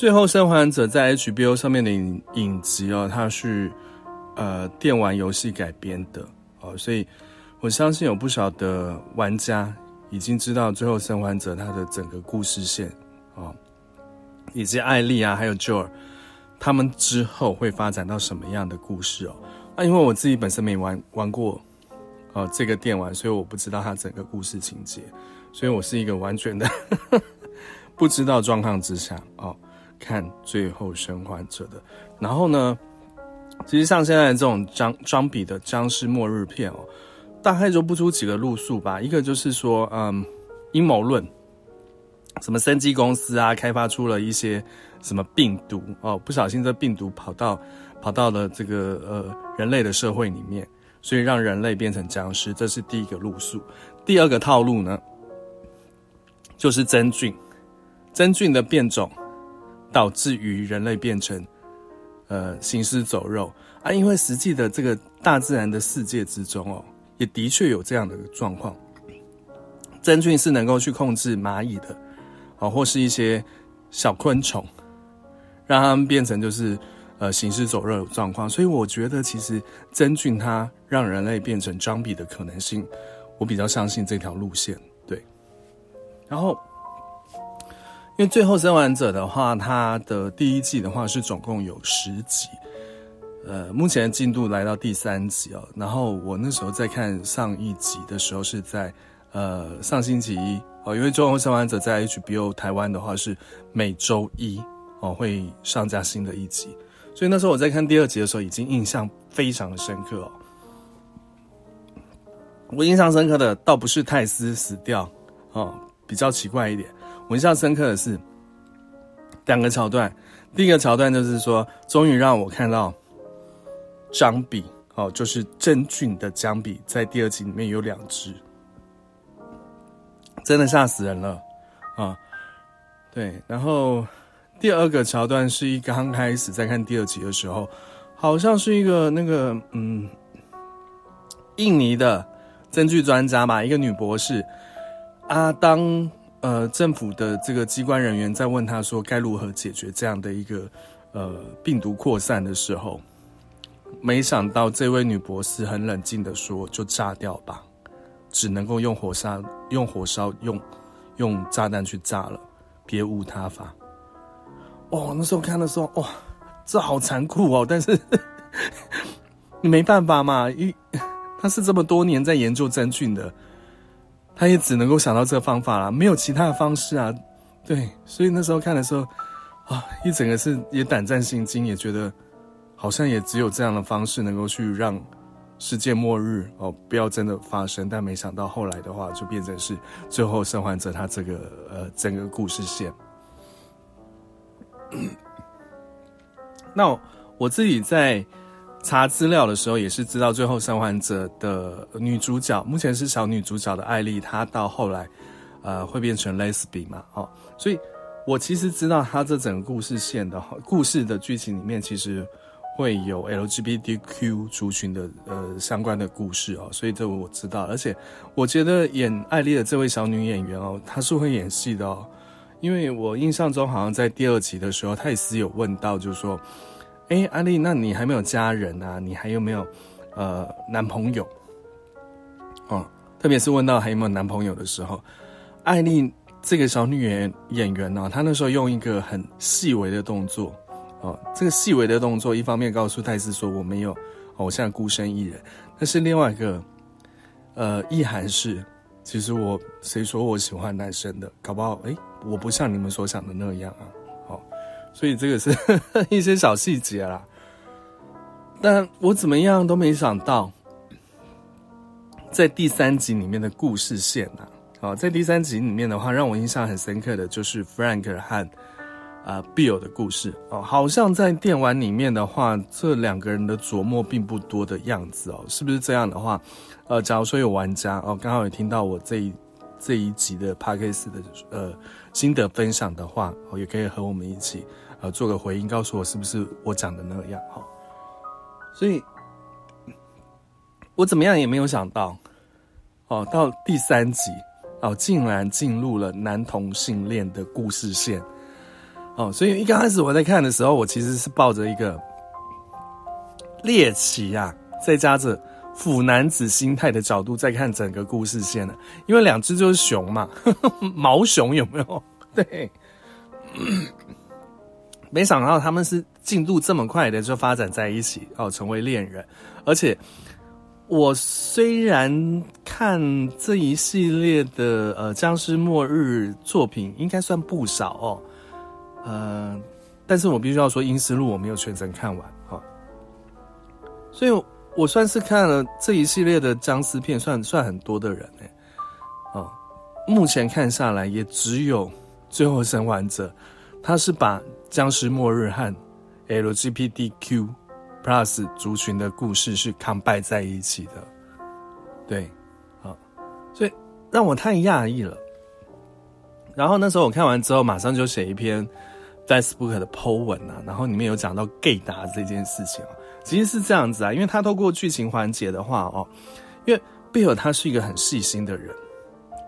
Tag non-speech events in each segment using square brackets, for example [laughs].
最後生還者在 HBO 上面的影影集哦，它是，呃，電玩遊戲改編的哦，所以我相信有不少的玩家已經知道最後生還者它的整個故事線哦，以及艾莉啊，還有 Joe 他們之後會發展到什麼樣的故事哦？啊，因為我自己本身沒玩玩過，哦，這個電玩，所以我不知道它整個故事情節，所以我是一個完全的 [laughs] 不知道狀況之下哦。看最後生還者的，然後呢，其實像現在這種裝裝逼的僵屍末日片哦，大概就不出幾個路數吧。一個就是說，嗯，陰謀論，什麼生技公司啊，開發出了一些什麼病毒哦，不小心這病毒跑到跑到了這個呃人類的社會裡面，所以讓人類變成僵屍，這是第一個路數。第二個套路呢，就是真菌，真菌的變種。導致於人類變成，呃，行屍走肉啊，因為實際的這個大自然的世界之中哦，也的確有這樣的狀況。真菌是能夠去控制螞蟻的，啊、哦，或是一些小昆蟲，讓它們變成就是，呃，行屍走肉的狀況。所以我覺得，其實真菌它讓人類變成殭屍的可能性，我比較相信這條路線。對，然後。因為《最後生還者》的話，它的第一季的話是總共有十集，呃，目前的進度來到第三集哦。然後我那時候在看上一集的時候是在呃上星期一哦，因為《最後生還者》在 HBO 台灣的話是每周一哦會上架新的一集，所以那時候我在看第二集的時候已經印象非常的深刻哦。我印象深刻的倒不是泰斯死掉哦，比較奇怪一點。我印象深刻的是兩個橋段，第一個橋段就是說，終於讓我看到姜筆哦，就是真菌的姜筆，在第二集裡面有兩隻。真的嚇死人了啊、哦！對，然後第二個橋段是一剛開始在看第二集的時候，好像是一個那個嗯，印尼的真菌專家吧，一個女博士阿當，呃，政府的這個機關人員在問他說該如何解決這樣的一個呃病毒擴散的時候，沒想到這位女博士很冷靜的說：“就炸掉吧，只能夠用火殺、用火燒用、用用炸彈去炸了，別無他法。”哦，那時候看的時候，哇、哦，這好殘酷哦！但是呵呵你沒辦法嘛，因他是這麼多年在研究真菌的。他也只能夠想到這個方法了，沒有其他的方式啊。對，所以那時候看的時候，啊、哦，一整個是也膽戰心驚，也覺得好像也只有這樣的方式能夠去讓世界末日哦不要真的發生。但沒想到後來的話，就變成是最後生還者他這個呃整個故事線。 [coughs] 那我，我自己在。查資料的時候也是知道，最後生還者的女主角目前是小女主角的艾莉，她到後來，呃，會變成 Lesbian 嘛？哦，所以我其實知道她這整個故事線的，哈，故事的劇情裡面其實會有 LGBTQ 族群的呃相關的故事哦，所以這我知道了。而且我覺得演艾莉的這位小女演員哦，她是會演戲的哦，因為我印象中好像在第二集的時候，泰斯有問到，就是說。哎，艾麗，那你還沒有家人啊？你還有沒有，呃，男朋友？哦，特別是問到還有沒有男朋友的時候，艾麗這個小女演演員呢、啊，她那時候用一個很細微的動作，哦，這個細微的動作一方面告訴泰斯說我沒有、哦，我現在孤身一人，但是另外一個，呃，意涵是，其實我，誰說我喜歡男生的，搞不好，哎，我不像你們所想的那樣啊。所以這個是 [laughs] 一些小細節啦，但我怎麼樣都沒想到，在第三集裡面的故事線啊，哦，在第三集裡面的話，讓我印象很深刻的就是 Frank 和 Bill 的故事哦，好像在電玩裡面的話，這兩個人的琢磨並不多的樣子哦，是不是這樣的話？呃，假如說有玩家哦，剛好也聽到我這一這一集的 Podcast 的呃心得分享的話，哦，也可以和我們一起。啊，做個回應，告訴我是不是我講的那樣齁？所以，我怎麼樣也沒有想到，哦，到第三集，哦，竟然進入了男同性戀的故事線。哦，所以一剛開始我在看的時候，我其實是抱着一個獵奇啊，再加着腐男子心態的角度在看整個故事線的，因為兩隻就是熊嘛，毛熊有沒有？對。沒想到他們是進度這麼快的就發展在一起哦，成為戀人。而且我雖然看這一系列的呃僵屍末日作品應該算不少哦，呃，但是我必須要說，《陰屍路》我沒有全程看完哈、哦，所以我算是看了這一系列的僵屍片算算很多的人哎，哦，目前看下來也只有最後生還者。他是把僵屍末日和 LGBTQ+ Plus 族群的故事是 combine 在一起的，對，好、啊，所以讓我太訝異了。然後那時候我看完之後，馬上就寫一篇 Facebook 的 Po 文啊，然後裡面有講到 gay 達、啊、這件事情啊，其實是這樣子啊，因為他透過劇情環節的話哦，因為 Bill 他是一個很細心的人，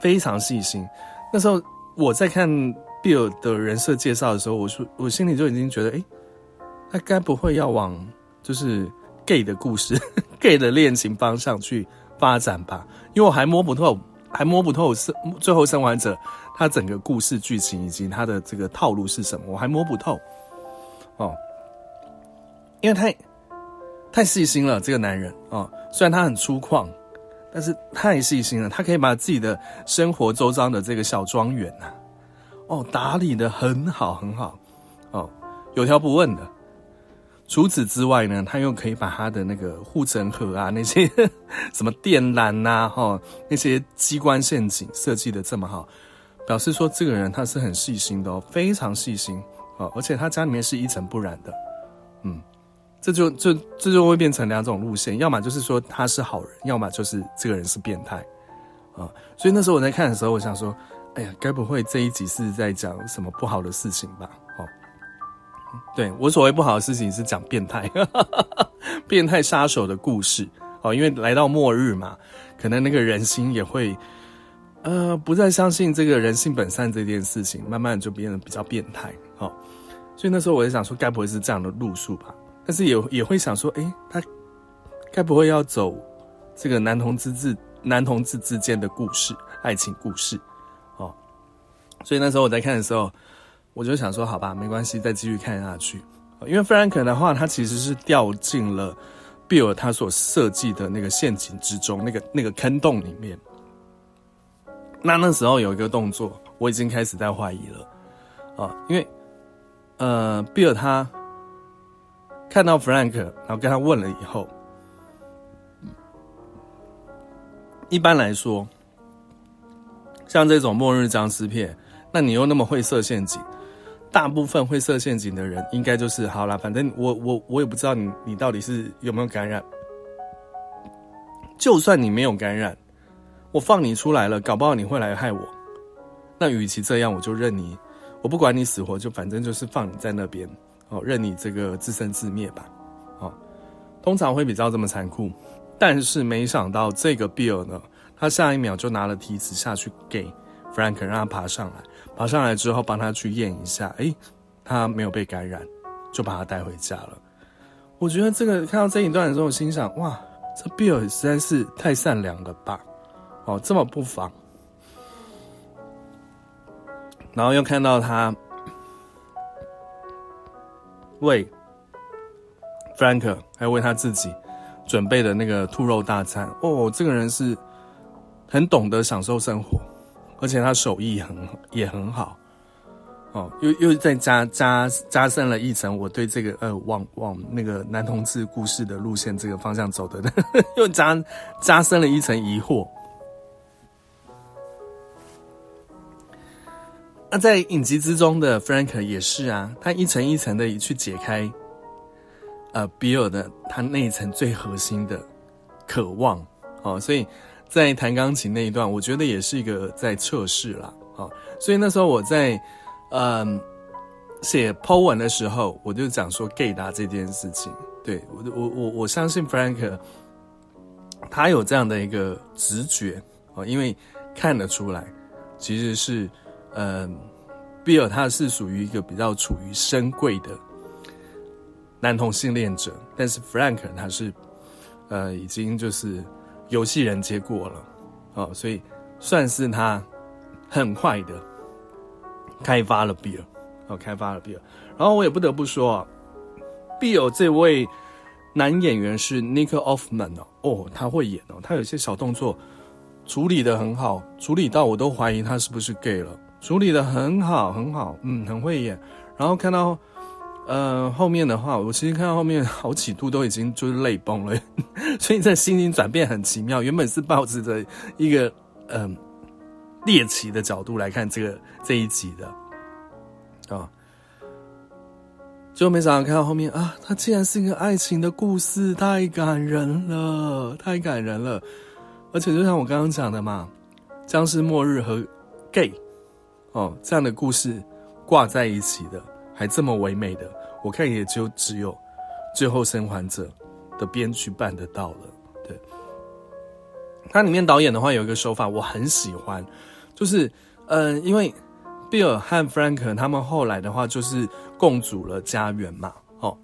非常細心。那時候我在看。的人設介紹的時候，我說我心裡就已經覺得，哎、欸，他該不會要往就是 gay 的故事， [laughs] gay 的戀情方向去發展吧？因為我還摸不透，還摸不透生最後生還者他整個故事劇情以及他的這個套路是什麼，我還摸不透。哦，因為太太細心了，這個男人哦，雖然他很粗獷，但是太細心了，他可以把自己的生活周遭的這個小莊園啊。哦，打理得很好很好，哦，有條不紊的。除此之外呢，他又可以把他的那個護城河啊，那些什麼電纜吶、啊、哈、哦，那些機關陷阱設計得這麼好，表示說這個人他是很細心的哦，非常細心哦，而且他家裡面是一塵不染的，嗯，這就就這就會變成兩種路線，要麼就是說他是好人，要麼就是這個人是變態啊、哦。所以那時候我在看的時候，我想說。哎呀，該不會這一集是在講什麼不好的事情吧？哦，對，我所謂不好的事情是，是講變態、哈哈哈，變態殺手的故事。哦，因為來到末日嘛，可能那個人心也會，呃，不再相信這個人性本善這件事情，慢慢的就變得比較變態。好、哦，所以那時候我在想說，該不會是這樣的路數吧？但是也也會想說，哎、欸，他該不會要走這個男同志之男同志之間的故事，愛情故事。所以那時候我在看的時候，我就想說：“好吧，沒關係，再繼續看下去。”因為 Frank 的話，他其實是掉進了 Bill 他所設計的那個陷阱之中，那個那個坑洞裡面。那那時候有一個動作，我已經開始在懷疑了啊，因為呃，Bill 他看到 Frank，然後跟他問了以後，一般來說，像這種末日僵屍片。但你又那麼會設陷阱，大部分會設陷阱的人，應該就是好了。反正我我我也不知道你你到底是有沒有感染。就算你沒有感染，我放你出來了，搞不好你會來害我。那與其這樣，我就任你，我不管你死活，就反正就是放你在那邊哦，任你這個自生自滅吧。哦，通常會比較這麼殘酷，但是沒想到這個 Bill 呢，他下一秒就拿了梯子下去給 Frank，讓他爬上來。跑上來之後，幫他去驗一下，誒，他沒有被感染，就把他帶回家了。我覺得這個看到這一段的時候，我心想：哇，這比爾實在是太善良了吧！哦，這麼不妨。然後又看到他為 Frank 還有為他自己準備的那個兔肉大餐，哦，這個人是很懂得享受生活。而且他手藝很也很好，哦，又又再加加加深了一層，我對這個呃，往往那個男同志故事的路線，這個方向走的，呵呵又加加深了一層疑惑。那、啊、在影集之中的 Frank 也是啊，他一層一層的去解開，呃，Bill 的他那一層最核心的渴望，哦，所以。在彈鋼琴那一段，我覺得也是一個在測試啦。好、哦，所以那時候我在，嗯、呃，寫 PO 文的時候，我就講說 gay 達這件事情，對，我我我我相信 Frank，他有這樣的一個直覺，哦，因為看得出來，其實是，嗯、呃，Bill 他是屬於一個比較處於深櫃的男同性戀者，但是 Frank 他是，呃，已經就是。遊戲人接過了、哦，所以算是他很快的開發了 Bill，好、哦，開發了 Bill。然後我也不得不說啊，Bill 這位男演員是 Nick Offerman 哦，哦，他會演哦，他有些小動作處理的很好，處理到我都懷疑他是不是 gay 了，處理的很好很好，嗯，很會演。然後看到。呃，後面的話，我其實看到後面好幾度都已經就是淚崩了， [laughs] 所以在心情轉變很奇妙。原本是抱着的一個嗯、呃、獵奇的角度來看這個這一集的啊，哦、最後沒想到看到後面啊，它竟然是一個愛情的故事，太感人了，太感人了！而且就像我剛剛講的嘛，殭屍末日和 gay 哦這樣的故事掛在一起的，還這麼唯美的。我看也就只有最後生還者的編劇辦得到了，對。它裡面導演的話有一個手法我很喜歡，就是，嗯，因為比爾和 Frank 他們後來的話就是共組了家園嘛，哦。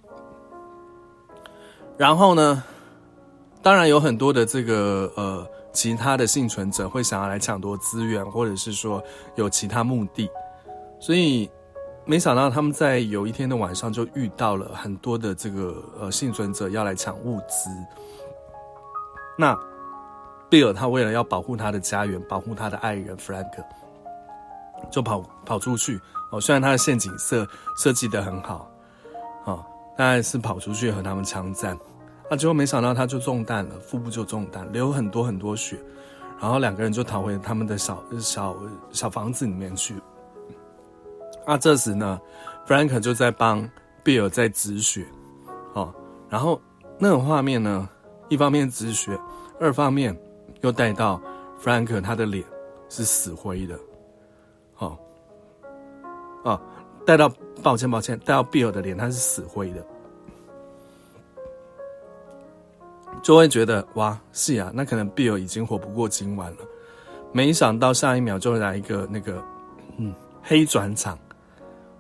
然後呢，當然有很多的這個呃其他的倖存者會想要來搶奪資源，或者是說有其他目的，所以。沒想到他們在有一天的晚上就遇到了很多的這個呃倖存者要來搶物資。那貝爾他為了要保護他的家園，保護他的愛人 Frank，就跑跑出去哦。雖然他的陷阱設設、設計的很好，啊、哦，但是跑出去和他們槍戰，那、啊、結果沒想到他就中彈了，腹部就中彈，流很多很多血，然後兩個人就逃回他們的小小小房子裡面去。那、啊、這時呢，Frank 就在幫 Bill 在止血，哦，然後那個畫面呢，一方面止血，二方面又帶到 Frank 他的臉是死灰的，哦。啊，帶到，抱歉抱歉，帶到 Bill 的臉他是死灰的，就會覺得哇，是啊，那可能 Bill 已經活不過今晚了，沒想到下一秒就會來一個那個嗯黑轉場。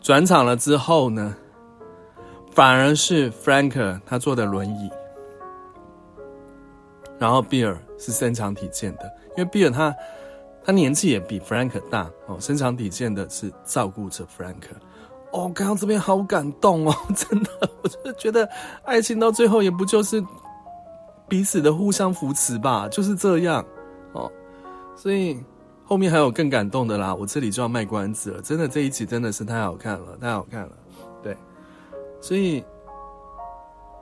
轉場了之後呢，反而是 Frank 他坐的輪椅，然後 Bill 是身強體健的，因為 Bill 他他年紀也比 Frank 大哦，身強體健的是照顧着 Frank 哦，剛剛這邊好感動哦，真的，我真的覺得愛情到最後也不就是彼此的互相扶持吧，就是這樣，哦，所以。後面還有更感動的啦，我這裡就要賣關子了。真的這一集真的是太好看了，太好看了。對，所以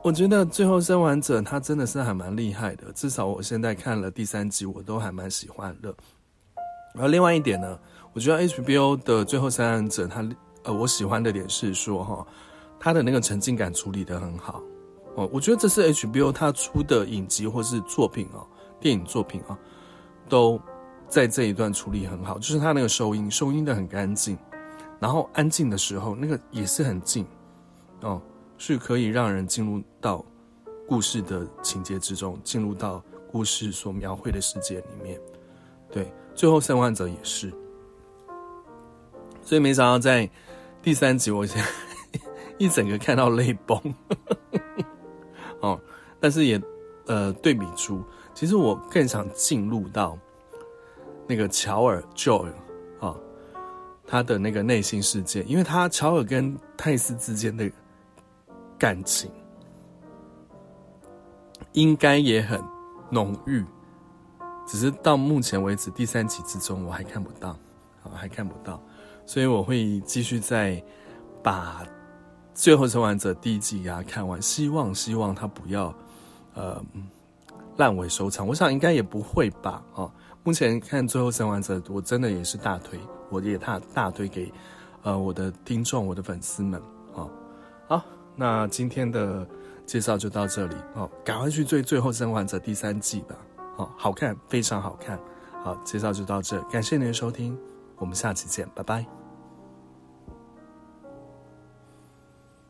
我覺得《最後生還者》他真的是還蠻厲害的，至少我現在看了第三集，我都還蠻喜歡的。然後另外一點呢，我覺得 HBO 的《最後生還者》他，呃，我喜歡的點是說哈，他的那個沉浸感處理的很好哦。我覺得這是 HBO 他出的影集或是作品哦，電影作品啊都。在這一段處理很好，就是他那個收音，收音的很乾淨，然後安靜的時候那個也是很靜，哦、嗯，是可以讓人進入到故事的情節之中，進入到故事所描繪的世界裡面。對，最後生還者也是，所以沒想到在第三集，我 [laughs] 一整個看到淚崩， [laughs] 哦、嗯，但是也呃對比出，其實我更想進入到。那個喬爾 Joy 啊、哦，他的那個內心世界，因為他喬爾跟泰斯之間的感情應該也很濃郁，只是到目前為止第三集之中我還看不到啊、哦，還看不到，所以我會繼續再把《最後生還者》第一季給他看完，希望希望他不要呃爛尾收場，我想應該也不會吧啊。哦目前看《最後生還者》，我真的也是大推，我也大大推給，呃，我的聽眾、我的粉絲們啊、哦。好，那今天的介紹就到這裡哦，趕快去追《最後生還者》第三季吧。哦，好看，非常好看。好，介紹就到這，感謝您的收聽，我們下期見，拜拜。